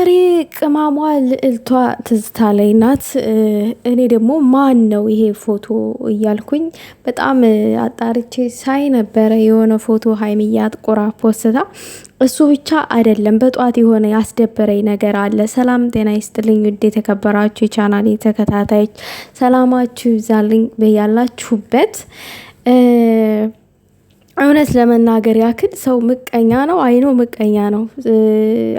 ዛሬ ቅማሟ ልዕልቷ ትዝታ ላይ ናት። እኔ ደግሞ ማን ነው ይሄ ፎቶ እያልኩኝ በጣም አጣርቼ ሳይ ነበረ። የሆነ ፎቶ ሀይሚያ ጥቁራ ፖስታ እሱ ብቻ አይደለም። በጠዋት የሆነ ያስደበረኝ ነገር አለ። ሰላም ጤና ይስጥልኝ ውድ የተከበራችሁ የቻናል ተከታታዮች፣ ሰላማችሁ ይብዛልኝ በያላችሁበት እውነት ለመናገር ያክል ሰው ምቀኛ ነው። አይኖ ምቀኛ ነው።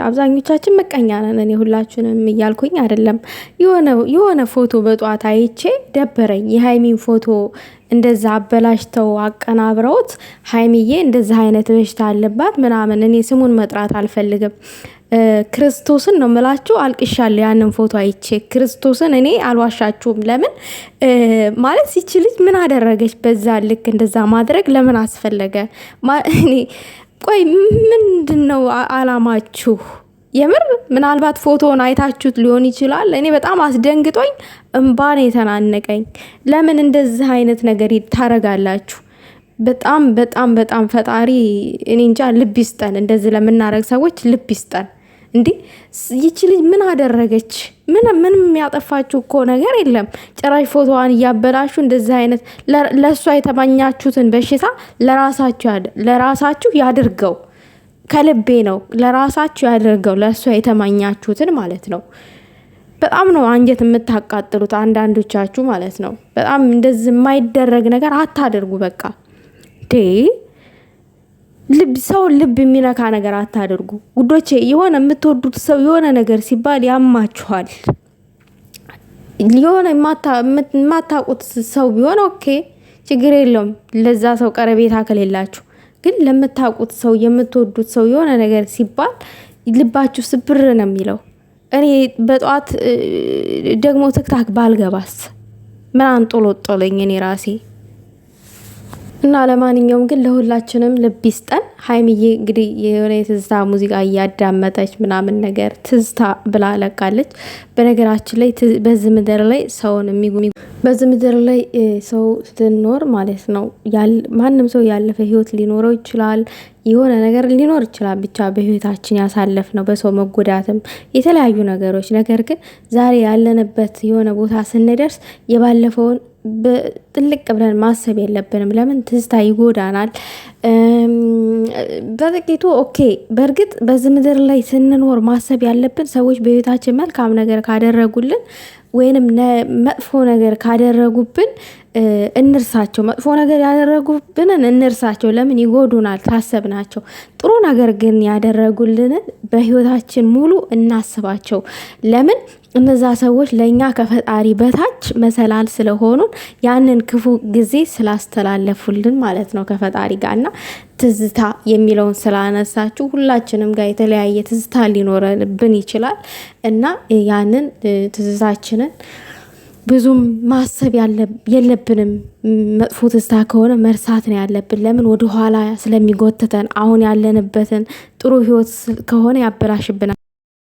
አብዛኞቻችን ምቀኛ ነን። እኔ ሁላችንም እያልኩኝ አይደለም። የሆነ ፎቶ በጠዋት አይቼ ደበረኝ። የሀይሚን ፎቶ እንደዛ አበላሽተው አቀናብረውት ሀይሚዬ እንደዚህ አይነት በሽታ አለባት ምናምን። እኔ ስሙን መጥራት አልፈልግም። ክርስቶስን ነው ምላችሁ አልቅሻለሁ። ያንን ፎቶ አይቼ ክርስቶስን እኔ አልዋሻችሁም። ለምን ማለት ሲች ልጅ ምን አደረገች? በዛ ልክ እንደዛ ማድረግ ለምን አስፈለገ? ቆይ ምንድን ነው አላማችሁ? የምር ምናልባት ፎቶውን አይታችሁት ሊሆን ይችላል። እኔ በጣም አስደንግጦኝ እምባን የተናነቀኝ ለምን እንደዚህ አይነት ነገር ታረጋላችሁ? በጣም በጣም በጣም ፈጣሪ እኔ እንጃ ልብ ይስጠን። እንደዚህ ለምናረግ ሰዎች ልብ ይስጠን። እንዴ ይቺ ልጅ ምን አደረገች? ምንም የሚያጠፋችሁ እኮ ነገር የለም። ጭራሽ ፎቶዋን እያበላሹ እንደዚህ አይነት ለእሷ የተመኛችሁትን በሽታ ለራሳችሁ ያድርገው። ከልቤ ነው ለራሳችሁ ያድርገው። ለእሷ የተመኛችሁትን ማለት ነው። በጣም ነው አንጀት የምታቃጥሉት አንዳንዶቻችሁ ማለት ነው። በጣም እንደዚህ የማይደረግ ነገር አታደርጉ። በቃ ዴ ልብ ሰውን ልብ የሚነካ ነገር አታደርጉ ጉዶቼ። የሆነ የምትወዱት ሰው የሆነ ነገር ሲባል ያማችኋል። የሆነ የማታውቁት ሰው ቢሆን ኦኬ ችግር የለውም፣ ለዛ ሰው ቀረቤታ ከሌላችሁ። ግን ለምታውቁት ሰው የምትወዱት ሰው የሆነ ነገር ሲባል ልባችሁ ስብር ነው የሚለው። እኔ በጠዋት ደግሞ ትክታክ ባልገባስ ምን አንጦሎጦለኝ እኔ ራሴ እና ለማንኛውም ግን ለሁላችንም ልብ ይስጠን። ሀይሚዬ እንግዲህ የሆነ የትዝታ ሙዚቃ እያዳመጠች ምናምን ነገር ትዝታ ብላ ለቃለች። በነገራችን ላይ በዚህ ምድር ላይ ሰውን በዚህ ምድር ላይ ሰው ስትኖር ማለት ነው ማንም ሰው ያለፈ ህይወት ሊኖረው ይችላል የሆነ ነገር ሊኖር ይችላል። ብቻ በህይወታችን ያሳለፍ ነው በሰው መጎዳትም የተለያዩ ነገሮች። ነገር ግን ዛሬ ያለንበት የሆነ ቦታ ስንደርስ የባለፈውን ጥልቅ ብለን ማሰብ የለብንም። ለምን ትዝታ ይጎዳናል። በጥቂቱ ኦኬ። በእርግጥ በዚህ ምድር ላይ ስንኖር ማሰብ ያለብን ሰዎች በቤታችን መልካም ነገር ካደረጉልን ወይንም መጥፎ ነገር ካደረጉብን እንርሳቸው፣ መጥፎ ነገር ያደረጉብንን እንርሳቸው። ለምን ይጎዱናል፣ ታሰብናቸው። ጥሩ ነገር ግን ያደረጉልንን በህይወታችን ሙሉ እናስባቸው። ለምን እነዛ ሰዎች ለእኛ ከፈጣሪ በታች መሰላል ስለሆኑን ያንን ክፉ ጊዜ ስላስተላለፉልን ማለት ነው ከፈጣሪ ጋር እና ትዝታ የሚለውን ስላነሳችሁ ሁላችንም ጋር የተለያየ ትዝታ ሊኖረብን ይችላል እና ያንን ትዝታችንን ብዙም ማሰብ የለብንም። መጥፎ ትዝታ ከሆነ መርሳት ነው ያለብን። ለምን ወደኋላ ስለሚጎትተን አሁን ያለንበትን ጥሩ ህይወት ከሆነ ያበላሽብናል።